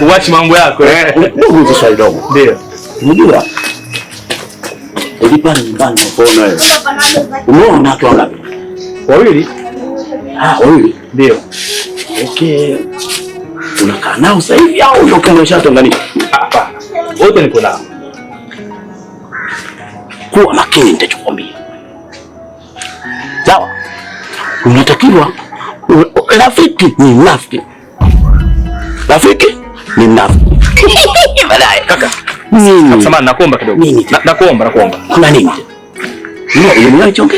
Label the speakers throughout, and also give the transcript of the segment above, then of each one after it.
Speaker 1: uwachi mambo yako eh,
Speaker 2: ndugu. swali dogo. Ndio. Unajua ilipale nyumbani unapoona wewe. Umeona watu wangapi? Wawili. Ah, wawili. Ndio. Okay. Unakaa nao sasa hivi au ndio kama ushatonganisha?
Speaker 1: Hapana. Wote niko nao.
Speaker 2: Kuwa makini nitachokwambia. Sawa. Unatakiwa rafiki ni rafiki. Rafiki ni mnafiki. Baadaye kaka. Nini?
Speaker 1: Samahani nakuomba kidogo. Na, nakuomba nakuomba.
Speaker 2: Kuna nini? Mm-hmm.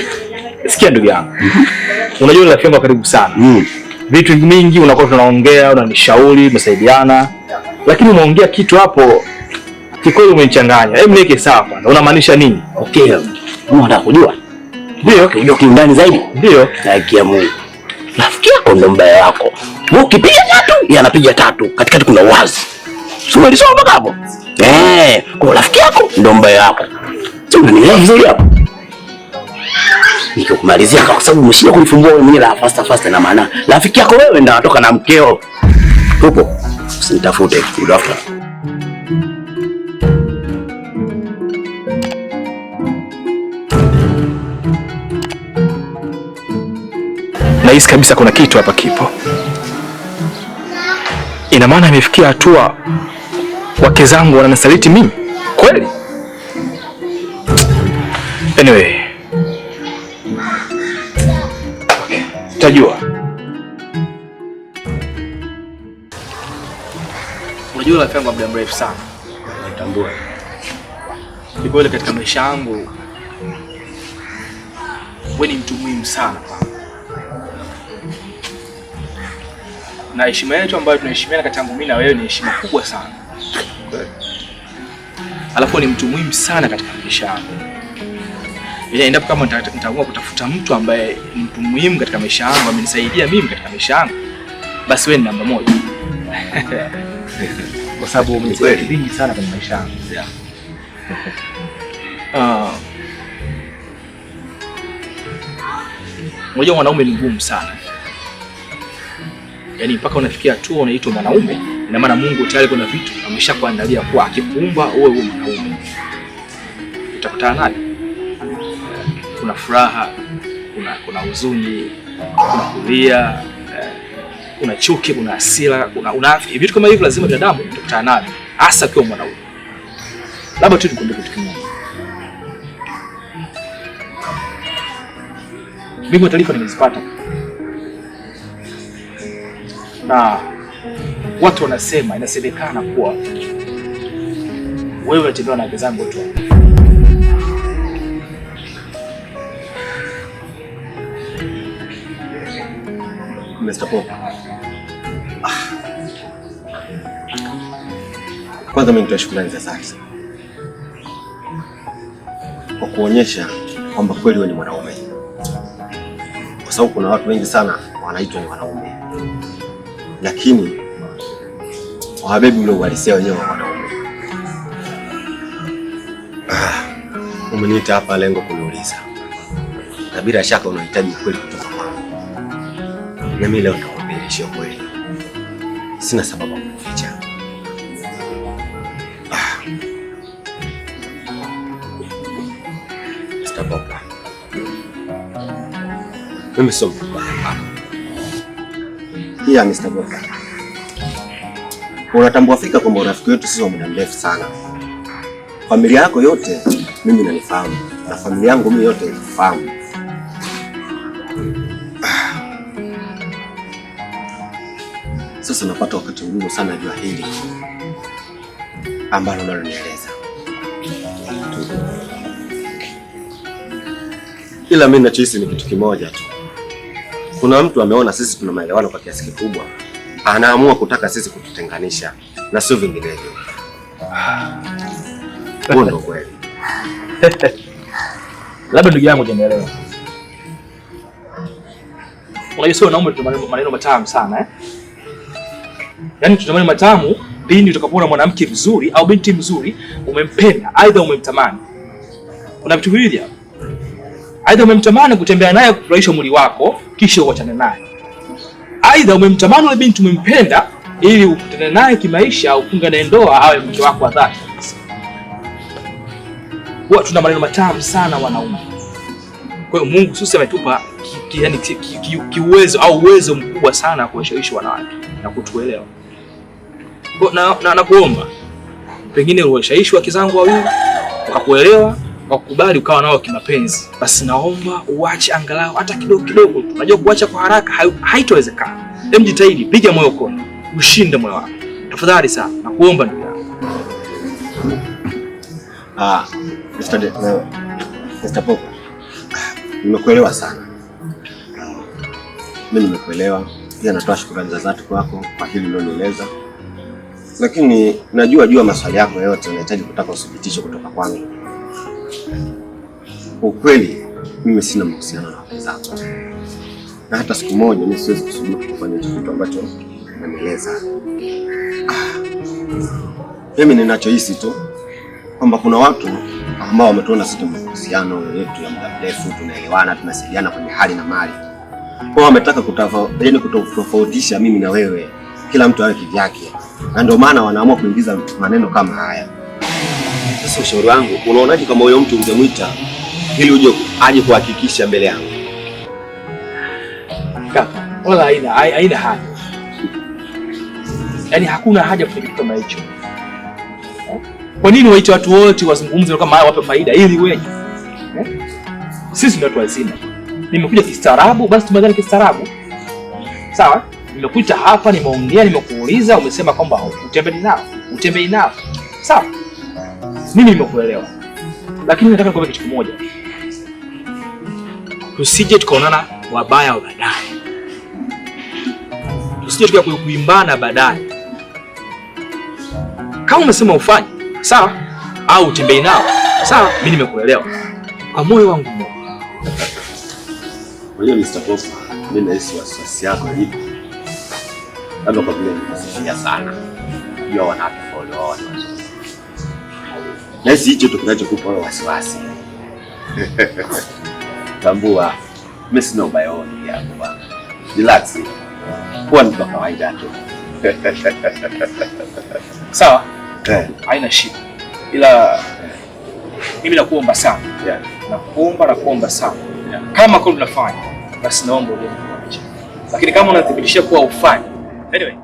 Speaker 1: Sikia ndugu yangu. Unajua rafiki yangu karibu sana. Mm. Vitu vingi unakuwa tunaongea, unanishauri, msaidiana. Lakini umeongea kitu hapo kikweli umenichanganya. Hebu niweke sawa kwanza. Unamaanisha nini?
Speaker 2: Okay. Unataka kujua? Ndio. Ndio kiundani zaidi. Ndio. Haki Mungu. Rafiki yako ndo mbaya wako. Ukipiga watu yeye anapiga tatu, katikati kuna wazi. Sio ulisoma mpaka hapo? Eh, kwa rafiki yako ndio mbaya yako. Unanielewa vizuri hapo? Nikikumalizia kwa sababu umeshinda kunifumbua wewe mwenyewe la fasta fasta, na maana rafiki yako wewe ndio anatoka na mkeo. Tupo. Usinitafute kudafuta.
Speaker 1: Nahisi kabisa kuna kitu hapa kipo. Ina maana imefikia hatua wake zangu wananisaliti mimi kweli? Anyway, okay, tajua unajua rafiki yangu muda mrefu sana Natambua. Kikweli katika maisha yangu wewe ni mtu muhimu sana kwangu. na heshima yetu ambayo tunaheshimiana kati yangu mimi na wewe ni heshima kubwa sana. Alafu ni mtu muhimu sana katika maisha yangu. Ila yaani endapo kama nitaamua kutafuta mtu ambaye ni mtu muhimu katika maisha yangu, amenisaidia mimi katika maisha yangu, basi wewe ni namba moja. Kwa sababu umenisaidia
Speaker 2: vingi sana kwenye maisha yangu. Ah.
Speaker 1: Mmoja mwanaume ni ngumu sana yani mpaka unafikia hatua unaitwa mwanaume, ina maana Mungu tayari kuna vitu ameshakuandalia kuwa akikuumba wewe uwe mwanaume. Utakutana naye, kuna furaha, kuna kuna huzuni, kuna kulia, eh, kuna chuki, kuna hasira, kuna unafiki. Eh, vitu kama hivyo lazima binadamu utakutana naye, hasa kwa mwanaume. Labda tu nikwambie kitu kimoja. Mimi taarifa nimezipata na watu wanasema, inasemekana kuwa wewe atembea na zangu tu. Mr. Pop. Kwanza mimi nitoa shukrani za dhati kwa kuonyesha kwamba kweli wewe ni mwanaume, kwa sababu kuna watu wengi sana wanaitwa ni wanaume lakini hawabebi ule uhalisia wenyewe wa wanaume. Ah, umeniita hapa lengo kuniuliza, na bila shaka unahitaji kweli kutoka kwangu, na mimi leo nakuambia kweli, sina sababu kuficha. Ah, mimi sio pia Mr. Boka. Unatambua fika kwamba urafiki wetu sio muda mrefu sana. Familia yako yote mimi nanifahamu na familia yangu mimi yote nafahamu Sasa napata wakati mgumu sana jua hili ambalo nalonieleza, ila mi nachohisi ni kitu kimoja tu kuna mtu ameona sisi tuna maelewano kwa kiasi kikubwa, anaamua kutaka sisi kututenganisha na sio vinginevyo. Ah. Huo ndo kweli. Labda ndugu yangu janielewa, unajua naume maneno matamu sana eh? Yaani maneno matamu pindi utakapoona mwanamke mzuri au binti mzuri umempenda, aidha umemtamani. Kuna vitu viwili hapo, aidha umemtamani kutembea naye kufurahisha mwili wako, kisha uachane naye. Aidha, umemtamani ule binti, umempenda ili ukutane naye kimaisha, ufunge naye ndoa, awe mke wako wa dhati. Huwa tuna maneno matamu sana wanaume. Kwa hiyo Mungu sisi ametupa kiuwezo ki, ki, ki, ki, ki au uwezo mkubwa sana wa kuwashawishi wanawake na kutuelewa na, na, na pengine uwashawishi wake zangu wawili wakakuelewa wakubali ukawa nao kimapenzi, basi naomba uache angalau hata kidogo kidogo Unajua Najua kuacha kwa haraka haitowezekana. Hem, jitahidi, piga moyo kona, ushinde moyo wako tafadhali sana, nakuomba ndugu yangu. Ah, Mr. Popo, nimekuelewa sana, mimi nimekuelewa pia. Natoa shukrani za dhati kwako kwa hili ulionieleza, lakini najua jua maswali yako yote unahitaji kutaka uthibitisho kutoka kwangu. Kwa ukweli mimi sina mahusiano na wake zako, na hata siku moja mimi siwezi kusubiri kufanya kitu ambacho nimeeleza. Ah, mimi ninachohisi tu kwamba kuna watu ambao wametuona sisi tuna mahusiano yetu ya muda mrefu, tunaelewana, tunasaidiana kwenye hali na mali, kwa wametaka yaani kutofautisha mimi na wewe, kila mtu awe kivyake, na ndio maana wanaamua kuingiza maneno kama haya. Sasa ushauri wangu, unaonaje kama huyo mtu ungemwita ili uje aje kuhakikisha mbele yangu. Wala haina haina haja, yaani hakuna haja kufanya kitu kama hicho. Eh? Kwa nini waite watu wote wazungumze kama haya, wape faida ili weje? Eh? Sisi ndio watu wazima. Nimekuja kistaarabu, basi tumadhani kistaarabu, sawa? Nimekuita hapa, nimeongea, nimekuuliza, umesema kwamba utembei nao, utembei nao, sawa? Mimi nimekuelewa, lakini nataka nikwambie kitu kimoja tusije tukaonana wabaya wa baadaye, tusije tuka kuimbana baadaye. Kama umesema ufanye sawa, au utembei nao sawa, mimi nimekuelewa kwa moyo wangu mmoja. Kwa hiyo Mr. Boss, mimi nahisi wasiwasi yako hivi, labda kwa vile nimesikia sana jua wanawake follow hisi hicho tu kinachokupa wasiwasi kutambua mimi sina ubaya Relax. Kuwa ni kwa kawaida tu. Sawa? Eh. Haina shida. Ila eh, mimi nakuomba sana. Yeah. Nakuomba na kuomba sana. Kama kweli unafanya basi naomba Lakini kama unathibitisha kuwa ufanye. Anyway,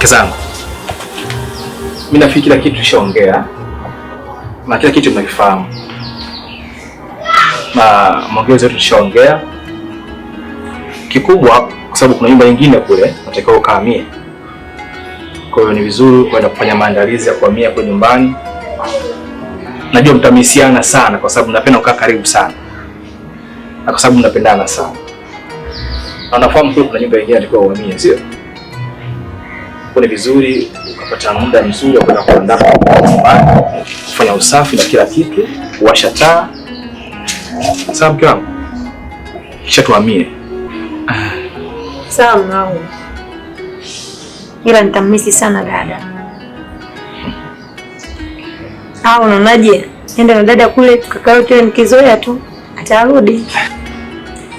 Speaker 1: wake zangu. Mimi nafikiri kila kitu ishaongea na kila kitu mnakifahamu, na maongezi yote tushaongea Kikubwa kwa sababu kuna nyumba nyingine kule natakiwa ukahamie, kwa hiyo ni vizuri kwenda kufanya maandalizi ya kuhamia kwa nyumbani. Najua mtamisiana sana, kwa sababu mnapenda kukaa karibu sana na kwa sababu mnapendana sana, na nafahamu kuna nyumba nyingine natakiwa uhamie, sio? kule vizuri, ukapata muda mzuri wa kwenda kuandaa nyumbani, kufanya usafi na kila kitu, kuwasha taa. Sawa mke wangu, kisha tuhamie.
Speaker 3: Sawa mwanangu, ila nitamisi sana dada. Au unaonaje? Nenda na dada kule tukakaa wote, mkizoea tu atarudi.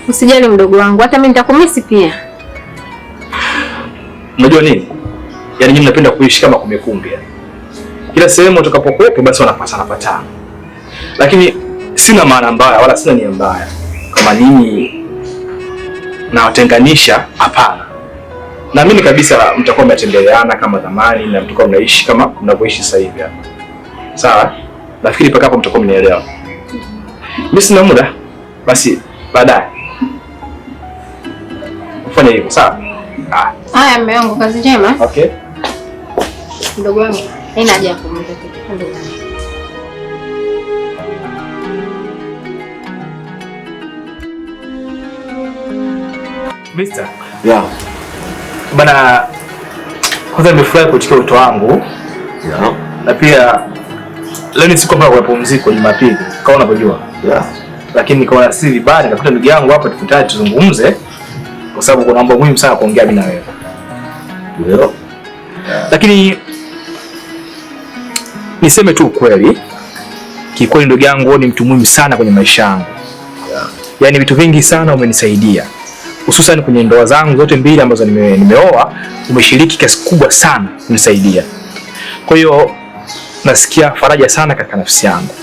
Speaker 3: Usijali mdogo wangu, hata mimi nitakumisi pia.
Speaker 1: Unajua nini? yani nyinyi mnapenda kuishi kama kumekumbi, yani kila sehemu utakapokuwepo basi wanapatana patana. Lakini sina maana mbaya wala sina nia mbaya kama nyinyi nawatenganisha, hapana. Naamini kabisa mtakuwa mnatembeleana kama zamani na mtakuwa mnaishi kama mnavyoishi sasa hivi hapa. Sawa? Nafikiri mpaka hapo mtakuwa mnaelewa. Mimi sina muda, basi baadaye ufanye hivyo. Sawa?
Speaker 3: Ah. Haya, mume wangu, kazi njema. Okay mdogo wangu, haina haja ya kumuuliza kitu.
Speaker 1: Mister. Yeah. Bana, kwanza nimefurahi kuchukua uto wangu. Yeah. Na pia leo ni siku ambayo napumzika Jumapili kama unavyojua. Yeah. Lakini nikaona si vibaya nikakuta ndugu yangu hapa tukutane tuzungumze kwa sababu kuna mambo muhimu sana kuongea mimi na wewe.
Speaker 2: Ndio. Yeah.
Speaker 1: Lakini niseme tu ukweli, kikweli ndugu yangu ni mtu muhimu sana kwenye maisha yangu yeah. Yaani vitu vingi sana umenisaidia hususan kwenye ndoa zangu zote mbili ambazo nime, nimeoa umeshiriki kiasi kubwa sana kunisaidia. Kwa hiyo nasikia faraja sana katika nafsi yangu,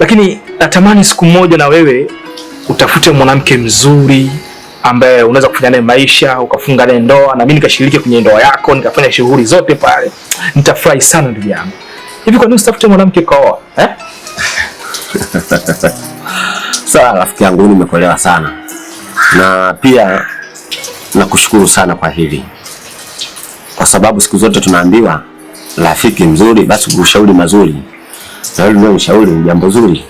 Speaker 1: lakini natamani siku moja na wewe utafute mwanamke mzuri ambaye unaweza kufanya naye maisha, ukafunga naye ndoa, na mimi nikashiriki kwenye ndoa yako, nikafanya shughuli zote pale, nitafurahi sana ndugu yangu. Hivi kwa nini usitafute mwanamke kaoa eh? Sawa rafiki yangu, nimekuelewa sana na pia nakushukuru sana kwa hili, kwa sababu siku zote tunaambiwa rafiki mzuri basi ushauri mazuri, na hili ndio ushauri, jambo zuri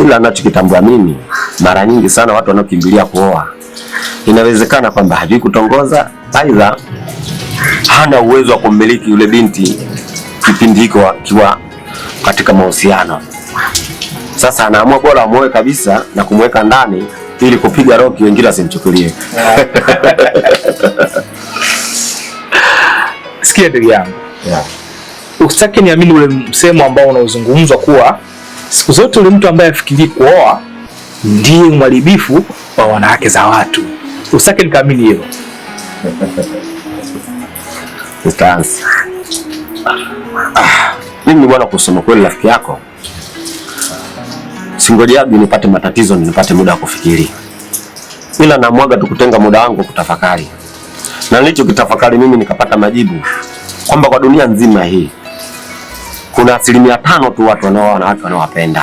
Speaker 1: ila nachokitambua mimi, mara nyingi sana watu wanaokimbilia kuoa, inawezekana kwamba hajui kutongoza, aidha hana uwezo wa kumiliki yule binti kipindi hiko akiwa katika mahusiano. Sasa anaamua bora amuoe kabisa na kumweka ndani ili kupiga roki, wengine asimchukulie. Sikia ndugu yangu, yeah. Usitaki niamini ule msemo ambao unaozungumzwa kuwa Siku zote ule mtu ambaye afikiri kuoa ndiye mharibifu wa wanawake za watu, usake nikaamini hilo.
Speaker 2: Ah, mimi bwana, kusema kweli, rafiki yako singojabi nipate matatizo nipate muda wa kufikiri, ila namwaga tukutenga muda wangu kutafakari, na nilicho kitafakari mimi nikapata majibu kwamba kwa dunia nzima hii kuna asilimia tano tu watu wanaoa wanawake wanaowapenda,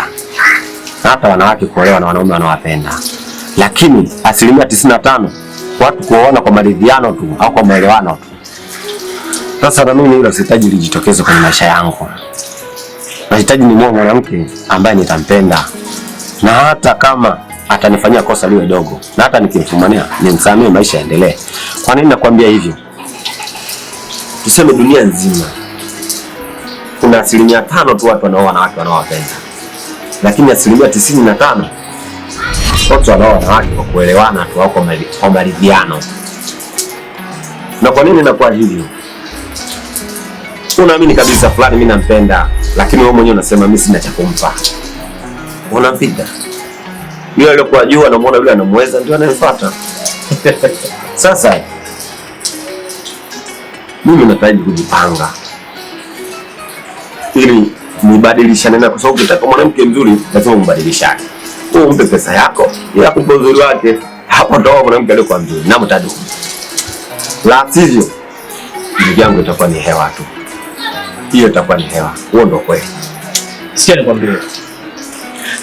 Speaker 2: hata wanawake kuolewa na wanaume wanaowapenda, lakini asilimia tisini na tano watu kuoana kwa maridhiano tu au kwa maelewano tu. Sasa na mimi hilo sihitaji lijitokeze kwenye maisha yangu. Nahitaji ni mwanamke ambaye nitampenda na hata kama atanifanyia kosa liwe dogo na hata nikimfumania nimsamee, maisha yaendelee. Kwa nini nakwambia hivyo? Tuseme dunia nzima kuna asilimia tano tu watu wanaoa wanawake wanaowapenda, lakini asilimia tisini na tano watu wanaoa wanawake kwa kuelewana tu au kwa maridhiano. Na kwa nini inakuwa hivyo? Unaamini kabisa fulani mi nampenda, lakini wewe mwenyewe unasema mimi sina cha kumpa, unampita yule aliyokuwa juu, anamwona yule anamweza, ndio anayefuata Sasa mimi nataji kujipanga ili nibadilishane naye, kwa sababu ukitaka mwanamke mzuri lazima umbadilishane, Wewe umpe pesa yako ila kumpa uzuri wake, hapo ndo mwanamke aliyokuwa mzuri na mtadu. La sivyo, ndugu yangu, itakuwa ni hewa tu, hiyo itakuwa ni hewa. Huo ndio kweli.
Speaker 1: Sikia nikwambie,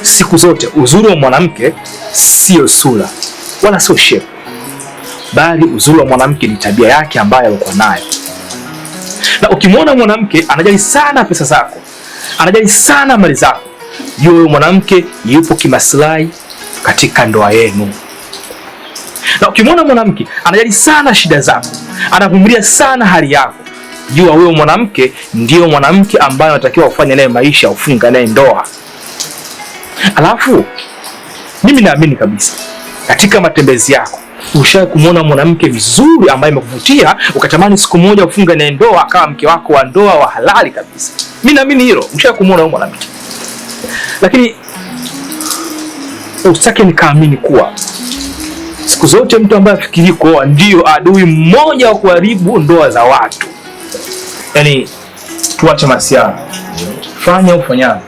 Speaker 1: siku zote uzuri wa mwanamke sio sura wala sio shape, bali uzuri wa mwanamke ni tabia yake ambayo alikuwa nayo na ukimwona mwanamke anajali sana pesa zako, anajali sana mali zako, jua huyo mwanamke yupo kimaslahi katika ndoa yenu. Na ukimwona mwanamke anajali sana shida zako, anavumilia sana hali yako, jua huyo mwanamke ndiyo mwanamke ambaye anatakiwa ufanye naye maisha, ufunga naye ndoa. Alafu mimi naamini kabisa katika matembezi yako Ushawahi kumwona mwanamke vizuri ambaye amekuvutia ukatamani siku moja kufunga naye ndoa akawa mke wako wa ndoa wa halali kabisa? Mimi naamini hilo. Ushawahi kumwona huyo mwanamke, lakini usitake nikaamini kuwa siku zote mtu ambaye afikiri kuoa ndio adui mmoja wa kuharibu ndoa za watu. Yaani, tuache masiara, fanya ufanyana,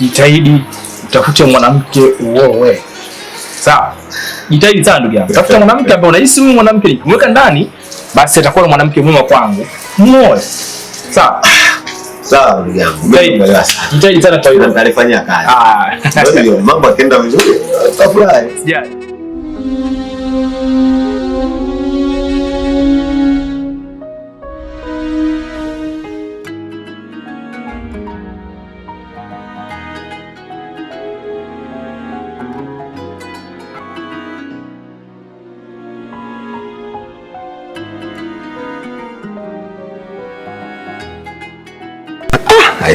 Speaker 1: jitahidi utafute mwanamke uowe, sawa jitahidi sana ndugu yangu, tafuta mwanamke ambaye unahisi huyu mwanamke nikimweka ndani, basi atakuwa mwanamke mwema kwangu. Muoe. Sawa.
Speaker 2: Sawa ndugu yangu. mimi
Speaker 1: Jitahidi sana kwa hilo. Atalifanyia kazi.
Speaker 2: Ah. ndio Mambo yakienda vizuri, tafurahi. Yeah.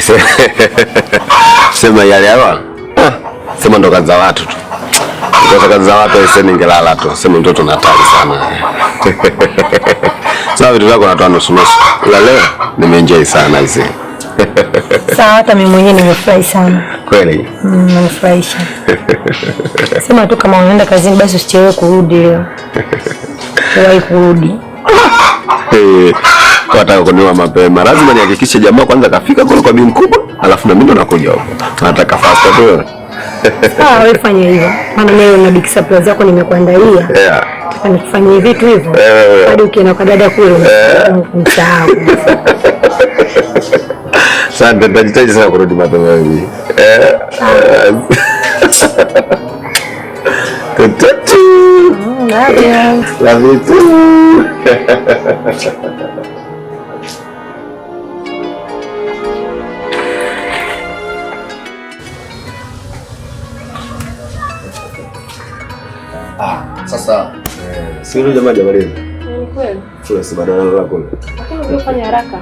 Speaker 2: sema yale hayo, sema ndo kazi za watu tu, kwa kazi za watu aise, ningelala tu, sema mtoto na hatari sana. Sawa, vitu vyako natoa nusu nusu, ila leo nimeenjoy sana aise.
Speaker 3: Sawa, hata mimi mwenyewe nimefurahi sana kweli, mm, nimefurahisha. Sema tu kama unaenda kazini, basi usichelewe kurudi leo, wahi kurudi.
Speaker 2: Eh, Nataka kuniwa mapema, lazima nihakikishe jamaa kwanza kafika kule kwa bi mkubwa, alafu na mimi ndo nakuja huko. Nataka fast tu.
Speaker 3: Sawa, wewe fanya hivyo, maana mimi na big surprise yako nimekuandalia. Yeah. Nikifanyia vitu hivyo eh, hadi ukienda kwa dada kule msahau. Eh.
Speaker 2: Sasa nitajitaji sana kurudi mapema hivi. Eh.
Speaker 3: Mm,
Speaker 2: love you. Love you too. Sasa eh, si jamaa haraka.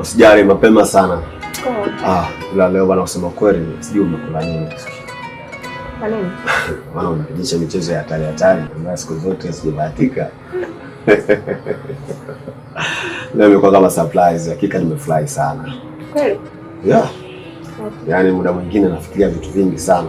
Speaker 2: usijali mapema sana. Ah, ila leo bana, kusema kweli sijui umekula nini Kwa nini? maana unaonyesha michezo ya hatari hatari na siku zote sijabahatika. Leo imekuwa kama surprise, hakika nimefurahi sana. Kweli? Yeah. Yaani muda mwingine nafikiria vitu vingi sana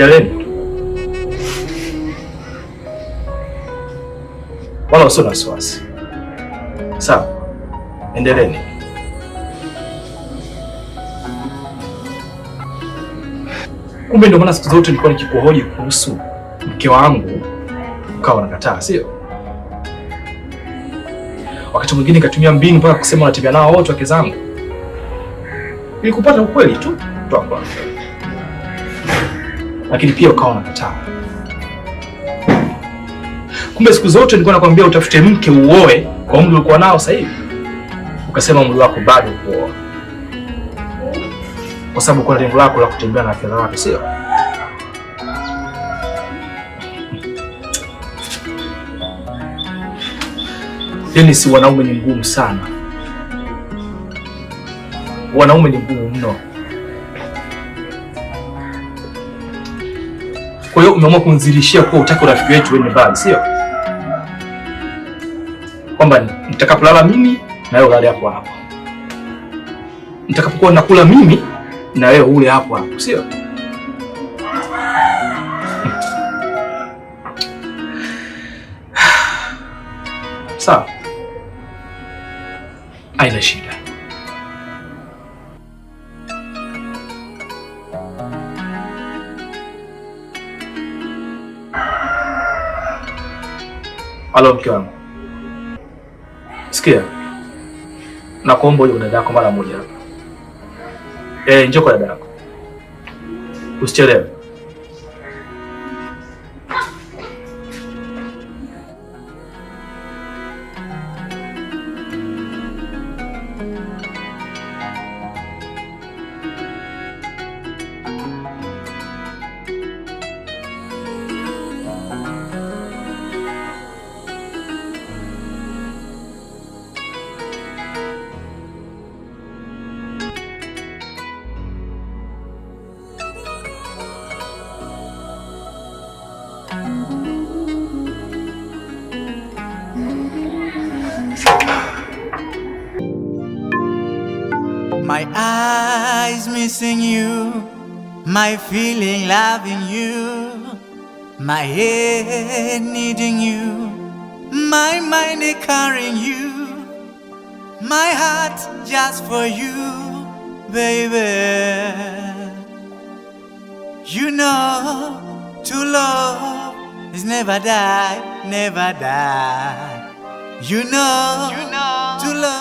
Speaker 1: endeleeni, wala usio na wasiwasi. Sawa, endeleni Kumbe ndio maana siku zote nilikuwa nikikuhoji kuhusu mke wangu ukawa nakataa, sio? Wakati mwingine nikatumia mbinu mpaka kusema unatembea nao wote wake zangu, ili kupata ukweli tu toa lakini pia ukawa unakataa. Kumbe siku zote nilikuwa nakwambia utafute mke uoe kwa umri ulikuwa nao sasa hivi, ukasema umri wako bado kuoa, kwa sababu kuna lengo lako la kutembea na fedha watu, sio yaani? Si wanaume ni ngumu sana, wanaume ni ngumu mno. Kwa hiyo umeamua kunzilishia kuwa utaki urafiki wetu wenye mbali, sio kwamba nitakapolala mimi na wewe ulale hapo hapo, nitakapokuwa nakula mimi na wewe ule hapo hapo, sio? Halo mke wangu, sikia, nakuomba uje kwa dada yako mara moja hapa. Eh, njoo kwa dada yako, usichelewe. My eyes missing you, my feeling loving you, my head needing you, my mind carrying you, my heart just for you, baby. You know, to love is never die, never die. You know, you know to love.